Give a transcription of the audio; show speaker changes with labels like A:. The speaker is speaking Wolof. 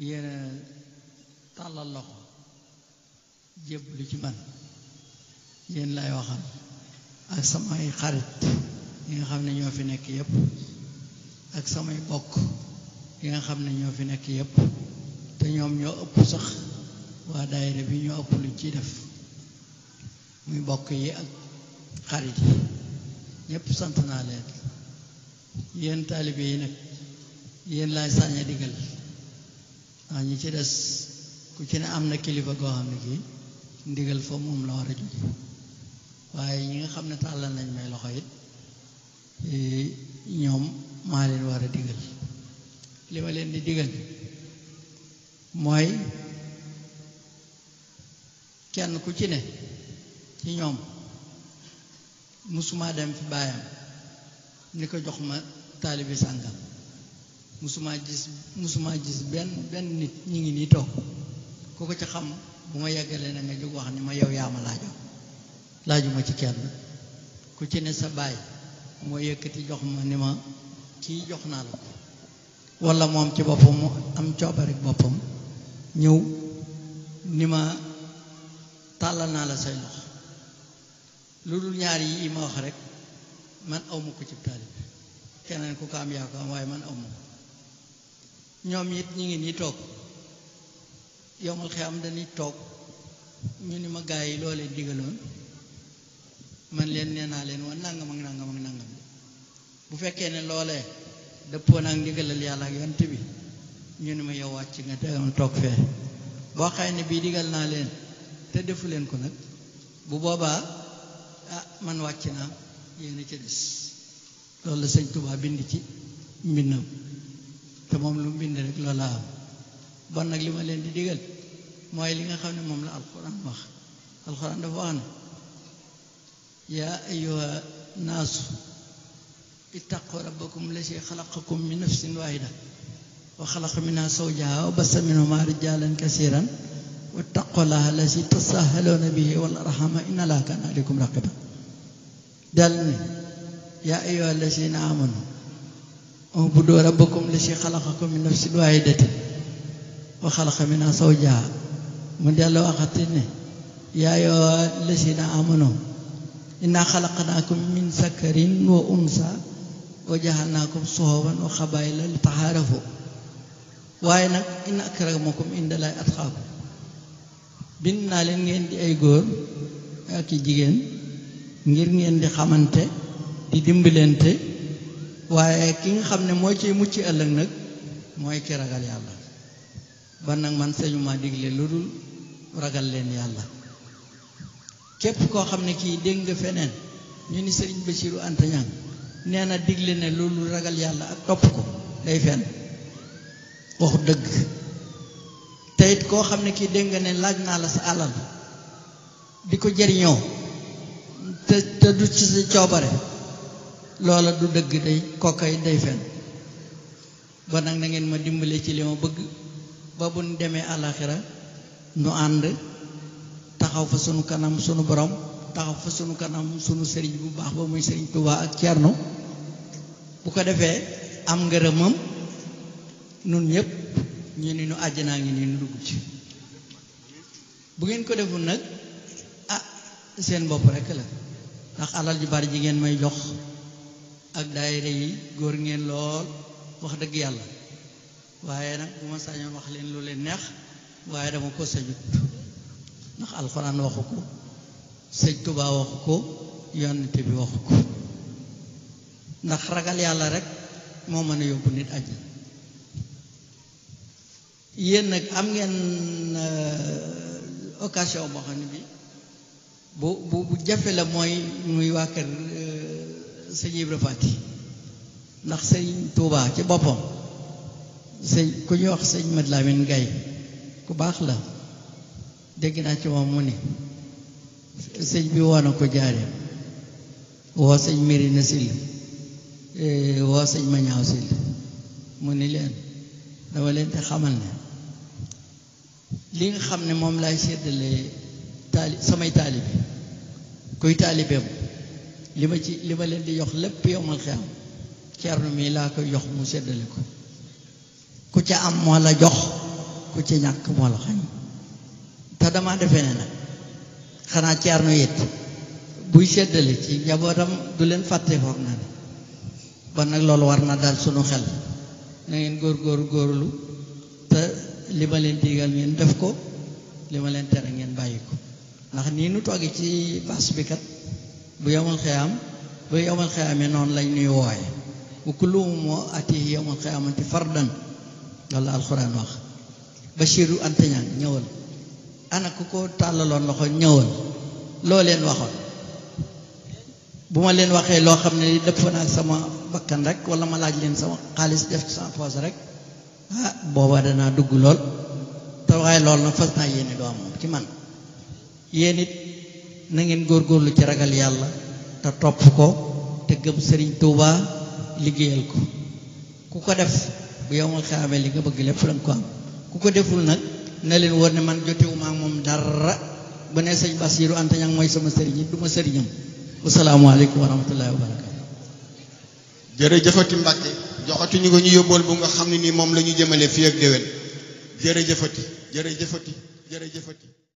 A: yéen a tàllal loxo lu ci man yéen lay waxal ak samay xarit yi nga xam ne ñoo fi nekk yépp ak samay bokk yi nga xam ne ñoo fi nekk yépp te ñoom ñoo ëpp sax waa daayira bi ñoo ëpp lu ciy def muy bokk yi ak xarit yi ñépp sant naa leen yéen taalibe yi nag yéen laay saña digal ndax ñi ci des ku ci ne am na kilifa goo xam ne kii ndigal fa moom la war a jóge waaye ñi nga xam ne tàllal nañ may loxo it eh, ñoom maa leen war a digal li ma leen di digal mooy kenn ku ci ne ci ñoom musuma dem fi baayam ni ko jox ma taalibi sàngam musumaa gis musumaa gis benn benn nit ñi ngi nii toog ku ko ci xam bu ma yeggalee na nga jóg wax ni ma yow yaa ma laajuma ci kenn ku ci ne sa baay moo yëkkati jox ma ni ma kii jox naa la ko walla moom ci boppam mu am coobarik boppam ñëw ni ma tàllal naa la say loxo lu dul ñaar yi ma wax rek man awma ko ci taalib keneen ku ko am yaa ko am waaye man awma ñoom it ñi ngi nii toog yomal am dañuy toog ñu ni ma gaa yi loo leen digaloon man leen nee naa leen woon nangam ak nangam bu fekkee ne loolee dëppoo naag ndigalal yàlla ak yont bi ñu ni ma yow wàcc nga dem toog fee boo xay ne bii digal naa leen te defu leen ko nag bu boobaa ah man wàcc naa yéen a ca des loolu la sëñ Tuubaa bind ci mbindam te moom lu mu bind rek loolu la am bon nag li ma leen di digal mooy li nga xam ne moom la alquran wax alquran dafa wax ne yaa ayuha naasu ittaqu rabbakum lasi xalaqakum min nafsin waahida wa xalaqa minha zawjaha wa bassa minhuma rijalan kasiran wattaqullaha lasi tasahaloona bihi wal arhama inna laa kaana aleykum raqiba dal ne yaa ayuha allasina amanu اعبدوا ربكم الذي خلقكم من نفس واحدة وخلق منها زوجها mu dellu waxati ne yaa ayyuhal lazina amanu innaa xalaqnaakum min zakarin wa unsaa wa ja'alnaakum shuuban wa qabaa'ila li ta'aarafu waaye nag inna akramakum inda Llaahi atqaakum bind naa leen ngeen di ay góor ak i jigéen ngir ngeen di xamante di dimbalante waaye ki nga xam ne mooy ci mucc ëllëg nag mooy ki ragal yàlla ban nag man sañu ma digle lu dul ragal leen yàlla képp koo xam ne kii dégg nga feneen ñu ni sëriñ Bassirou Anta Niang nee na digle ne lu dul ragal yàlla ak topp ko day fenn waxu dëgg te koo xam ne kii dégg nga ne laaj naa la sa alal di ko jariñoo te te du ci sa coobare loola du dëgg day kokkay day fen ba nag na ngeen ma dimbale ci li ma bëgg ba bu nu demee àllaaxira nu ànd taxaw fa sunu kanam sunu borom taxaw fa sunu kanam sunu sëriñ bu baax ba muy sëriñ Tuubaa ak Cerno bu ko defee am ngërëmam nun ñëpp ñu ni nu àjjanaa ngi ni nu dugg ci bu ngeen ko deful nag a ah, seen bopp rekk la ndax alal ju bari ji ngeen may jox ak daayira yi góor ngeen lool wax dëgg yàlla waaye nag bu ma sañoon wax leen lu leen neex waaye dama ko sañut ndax alxuraan waxu ko sëñ Tuubaa waxu ko yonent bi waxu ko ndax ragal yàlla rek moo mën a yóbbu nit àjji yéen nag am ngeen euh, occasion boo xam ne bi bu bu jafe la mooy muy waa kër sëñ Ibra Faati ndax sëñ Tuubaa ci boppam sëñ ku ñuy wax sëñ mat Mad Lamin Gay ku baax la dégg naa ci moom mu ne sëñ bi woo ko jaare woo sëñ Mirina Sil eh, woo sëñ Mañaaw Sil mu ni leen dama leen te xamal ne li nga xam ne moom laay séddale taali samay taalibe kuy taalibeem li ma ci li ma leen di jox lépp yowmal xiyam ceerno mii laa koy jox mu séddale ko ku ci am moo la jox ku ci ñàkk moo la xañ te dama defe ne nag xanaa ceerno it buy séddale ci njabootam du leen fàtte foog na ne ba nag loolu war na daal sunu xel na ngeen góor góor góorlu te li ma leen digal ngeen def ko li ma leen tere ngeen bàyyi ko ndax nii nu toogee ci baas bi kat bu yowmal xiyaam bu yowmal xiyaamee noonu lañ ñuy wooye bu kulluhum moo ati yowmal ci fardan loolu la alxuraan wax Bachiru antañaan ñëwal ana ku ko tàllaloon loxo ñëwal loo leen waxoon bu ma leen waxee loo xam ne dëpp naa sama bakkan rek wala ma laaj leen sama xaalis def sama poos rek ah booba danaa dugg lool te waaye lool nag fas naa yéene doo am ci man yéen it na ngeen góorgóorlu ci ragal yàlla te topp ko te gëm sëriñ Touba liggéeyal ko ku ko def bu yow ma xaamee li nga bëgg lépp da nga ko am ku ko deful nag na leen war ne man jotewuma ak moom dara ba ne sëñ Basiiru Anta Ñaŋ mooy sama sëriñ yi du ma sëriñam wasalaamualeykum wa rahmatullahi wa barakatu jërëjëfati Mbàkke joxati ñu ko ñu xam ne nii moom la ñu jëmale fii ak déwén jërëjëfati jërëjëfati